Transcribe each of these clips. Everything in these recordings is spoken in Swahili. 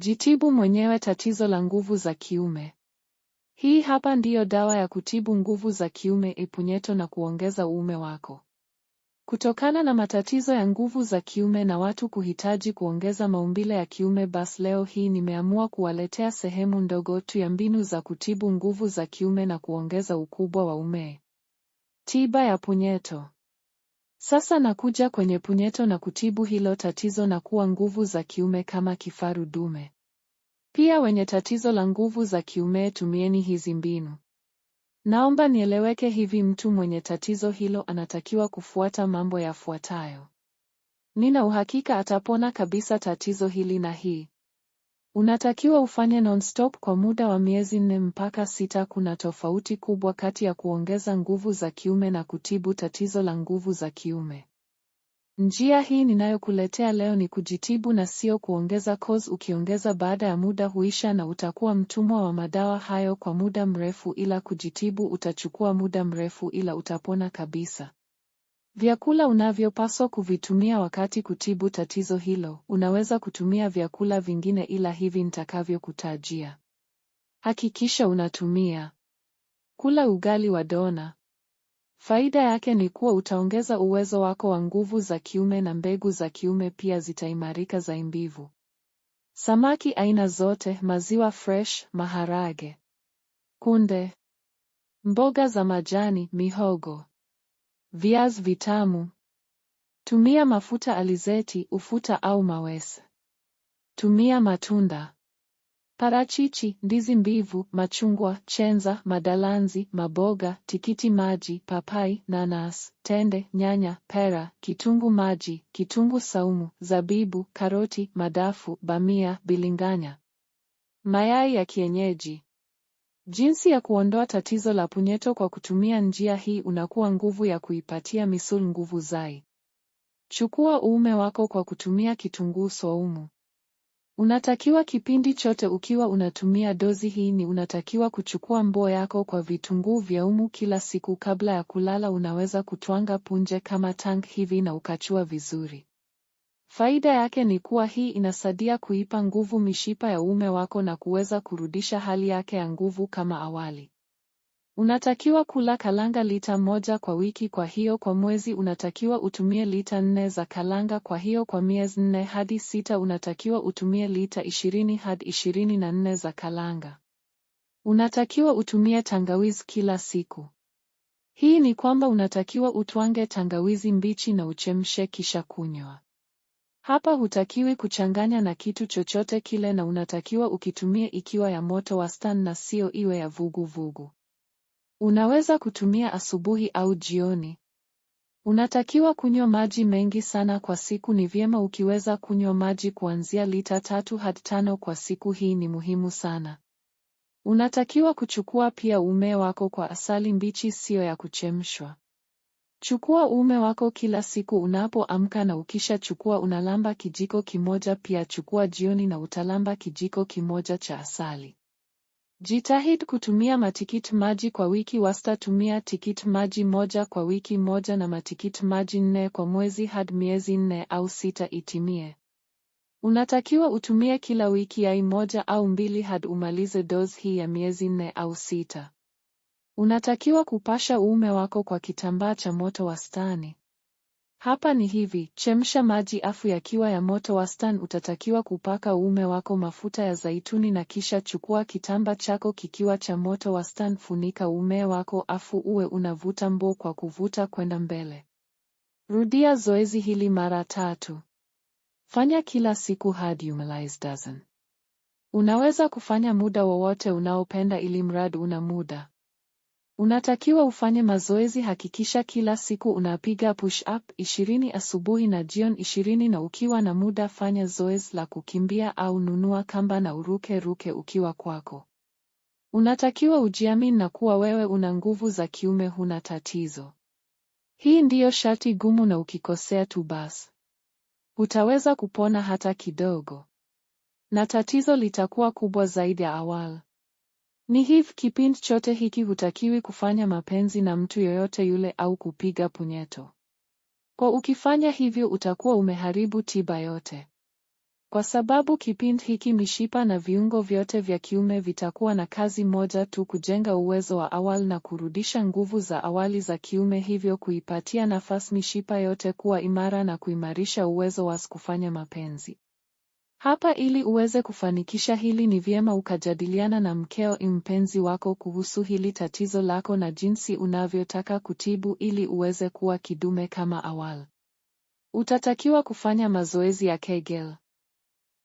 Jitibu mwenyewe tatizo la nguvu za kiume. Hii hapa ndiyo dawa ya kutibu nguvu za kiume ipunyeto na kuongeza uume wako. Kutokana na matatizo ya nguvu za kiume na watu kuhitaji kuongeza maumbile ya kiume, basi leo hii nimeamua kuwaletea sehemu ndogo tu ya mbinu za kutibu nguvu za kiume na kuongeza ukubwa wa ume. Tiba ya punyeto. Sasa nakuja kwenye punyeto na kutibu hilo tatizo na kuwa nguvu za kiume kama kifaru dume. Pia wenye tatizo la nguvu za kiume tumieni hizi mbinu. Naomba nieleweke hivi mtu mwenye tatizo hilo anatakiwa kufuata mambo yafuatayo. Nina uhakika atapona kabisa tatizo hili na hii. Unatakiwa ufanye non-stop kwa muda wa miezi nne mpaka sita. Kuna tofauti kubwa kati ya kuongeza nguvu za kiume na kutibu tatizo la nguvu za kiume. Njia hii ninayokuletea leo ni kujitibu na sio kuongeza cause. Ukiongeza baada ya muda huisha na utakuwa mtumwa wa madawa hayo kwa muda mrefu. Ila kujitibu utachukua muda mrefu, ila utapona kabisa. Vyakula unavyopaswa kuvitumia wakati kutibu tatizo hilo. Unaweza kutumia vyakula vingine ila hivi nitakavyokutajia. Hakikisha unatumia. Kula ugali wa dona. Faida yake ni kuwa utaongeza uwezo wako wa nguvu za kiume na mbegu za kiume pia zitaimarika za imbivu. Samaki aina zote, maziwa fresh, maharage, kunde, mboga za majani, mihogo viaz vitamu tumia mafuta alizeti ufuta au mawese. Tumia matunda parachichi, ndizi mbivu, machungwa, chenza, madalanzi, maboga, tikiti maji, papai, nanas, tende, nyanya, pera, kitungu maji, kitungu saumu, zabibu, karoti, madafu, bamia, bilinganya. Mayai ya kienyeji Jinsi ya kuondoa tatizo la punyeto kwa kutumia njia hii unakuwa nguvu ya kuipatia misuli nguvu zai. Chukua uume wako kwa kutumia kitunguu saumu. Unatakiwa kipindi chote ukiwa unatumia dozi hii ni unatakiwa kuchukua mboo yako kwa vitunguu vya umu kila siku kabla ya kulala. Unaweza kutwanga punje kama tank hivi na ukachua vizuri. Faida yake ni kuwa hii inasadia kuipa nguvu mishipa ya uume wako na kuweza kurudisha hali yake ya nguvu kama awali. Unatakiwa kula kalanga lita moja kwa wiki, kwa hiyo kwa mwezi unatakiwa utumie lita nne za kalanga. Kwa hiyo kwa miezi nne hadi sita unatakiwa utumie lita ishirini hadi ishirini na nne za kalanga. Unatakiwa utumie tangawizi kila siku. Hii ni kwamba unatakiwa utwange tangawizi mbichi na uchemshe kisha kunywa. Hapa hutakiwi kuchanganya na kitu chochote kile na unatakiwa ukitumia ikiwa ya moto wastani na sio iwe ya vuguvugu vugu. Unaweza kutumia asubuhi au jioni. Unatakiwa kunywa maji mengi sana kwa siku. Ni vyema ukiweza kunywa maji kuanzia lita tatu hadi tano kwa siku. Hii ni muhimu sana. Unatakiwa kuchukua pia ume wako kwa asali mbichi, siyo ya kuchemshwa. Chukua uume wako kila siku unapoamka na ukisha chukua unalamba kijiko kimoja pia chukua jioni na utalamba kijiko kimoja cha asali. Jitahidi kutumia matikiti maji kwa wiki wasta. Tumia tikiti maji moja kwa wiki moja na matikiti maji nne kwa mwezi hadi miezi nne au sita itimie. Unatakiwa utumie kila wiki yai moja au mbili hadi umalize dozi hii ya miezi nne au sita. Unatakiwa kupasha uume wako kwa kitambaa cha moto wastani. Hapa ni hivi, chemsha maji afu yakiwa ya moto wastani utatakiwa kupaka uume wako mafuta ya zaituni na kisha chukua kitamba chako kikiwa cha moto wastani, funika uume wako afu uwe unavuta mbo kwa kuvuta kwenda mbele. Rudia zoezi hili mara tatu. Fanya kila siku hadi umalize dozen. Unaweza kufanya muda wowote unaopenda ili mradi una muda. Unatakiwa ufanye mazoezi. Hakikisha kila siku unapiga push up 20 asubuhi na jioni 20 na ukiwa na muda fanya zoezi la kukimbia au nunua kamba na uruke ruke ukiwa kwako. Unatakiwa ujiamini na kuwa wewe una nguvu za kiume, huna tatizo. Hii ndiyo shati gumu, na ukikosea tu basi utaweza kupona hata kidogo, na tatizo litakuwa kubwa zaidi ya awali. Ni hivi kipindi chote hiki hutakiwi kufanya mapenzi na mtu yoyote yule au kupiga punyeto. Kwa ukifanya hivyo utakuwa umeharibu tiba yote. Kwa sababu kipindi hiki mishipa na viungo vyote vya kiume vitakuwa na kazi moja tu, kujenga uwezo wa awali na kurudisha nguvu za awali za kiume, hivyo kuipatia nafasi mishipa yote kuwa imara na kuimarisha uwezo wa kufanya mapenzi. Hapa ili uweze kufanikisha hili ni vyema ukajadiliana na mkeo mpenzi wako kuhusu hili tatizo lako na jinsi unavyotaka kutibu ili uweze kuwa kidume kama awali. Utatakiwa kufanya mazoezi ya Kegel.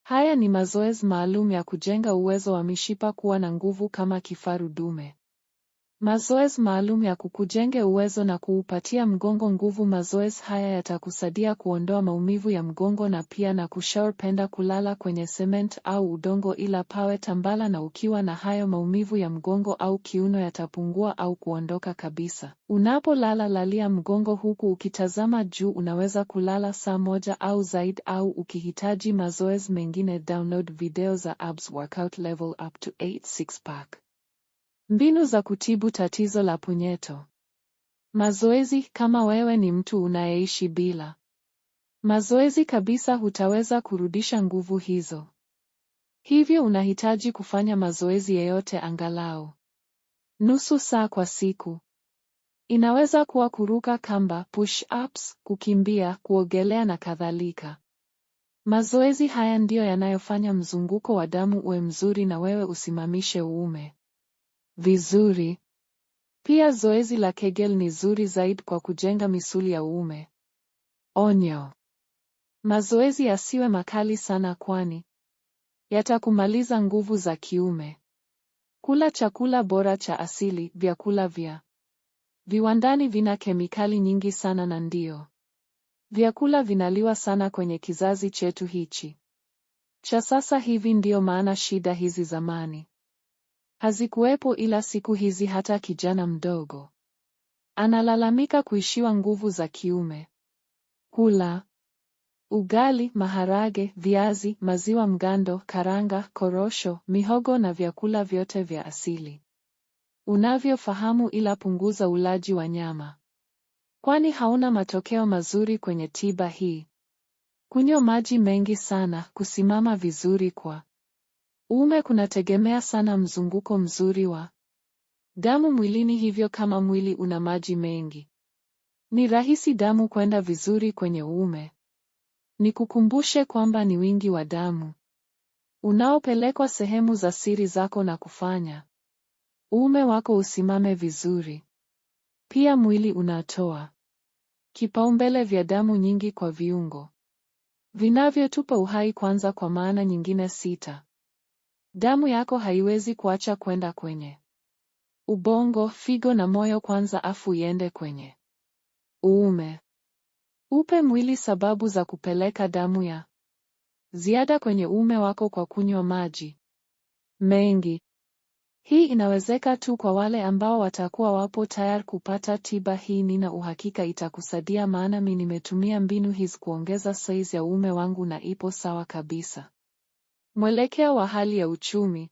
Haya ni mazoezi maalum ya kujenga uwezo wa mishipa kuwa na nguvu kama kifaru dume. Mazoezi maalum ya kukujenge uwezo na kuupatia mgongo nguvu. Mazoezi haya yatakusaidia kuondoa maumivu ya mgongo na pia na kushaur. Penda kulala kwenye cement au udongo, ila pawe tambala, na ukiwa na hayo maumivu ya mgongo au kiuno yatapungua au kuondoka kabisa. Unapolala lalia mgongo huku ukitazama juu. Unaweza kulala saa moja au zaidi, au ukihitaji mazoezi mengine, download video za abs workout level up to 8 six pack. Mbinu za kutibu tatizo la punyeto. Mazoezi kama wewe ni mtu unayeishi bila mazoezi kabisa, hutaweza kurudisha nguvu hizo. Hivyo unahitaji kufanya mazoezi yeyote, angalau nusu saa kwa siku. Inaweza kuwa kuruka kamba, push ups, kukimbia, kuogelea na kadhalika. Mazoezi haya ndiyo yanayofanya mzunguko wa damu uwe mzuri na wewe usimamishe uume vizuri. Pia zoezi la Kegel ni zuri zaidi kwa kujenga misuli ya uume. Onyo: mazoezi yasiwe makali sana, kwani yatakumaliza nguvu za kiume. Kula chakula bora cha asili. Vyakula vya viwandani vina kemikali nyingi sana, na ndio vyakula vinaliwa sana kwenye kizazi chetu hichi cha sasa hivi. Ndiyo maana shida hizi zamani hazikuwepo ila siku hizi hata kijana mdogo analalamika kuishiwa nguvu za kiume. Hula ugali, maharage, viazi, maziwa mgando, karanga, korosho, mihogo na vyakula vyote vya asili unavyofahamu, ila punguza ulaji wa nyama, kwani hauna matokeo mazuri kwenye tiba hii. Kunywa maji mengi sana, kusimama vizuri kwa Uume kunategemea sana mzunguko mzuri wa damu mwilini, hivyo kama mwili una maji mengi, ni rahisi damu kwenda vizuri kwenye uume. Nikukumbushe kwamba ni wingi wa damu unaopelekwa sehemu za siri zako na kufanya uume wako usimame vizuri. Pia mwili unatoa kipaumbele vya damu nyingi kwa viungo vinavyotupa uhai kwanza, kwa maana nyingine sita Damu yako haiwezi kuacha kwenda kwenye ubongo, figo na moyo kwanza, afu iende kwenye uume. Upe mwili sababu za kupeleka damu ya ziada kwenye uume wako kwa kunywa maji mengi. Hii inawezeka tu kwa wale ambao watakuwa wapo tayari kupata tiba hii. Nina uhakika itakusaidia, maana mi nimetumia mbinu hizi kuongeza size ya uume wangu na ipo sawa kabisa. Mwelekeo wa hali ya uchumi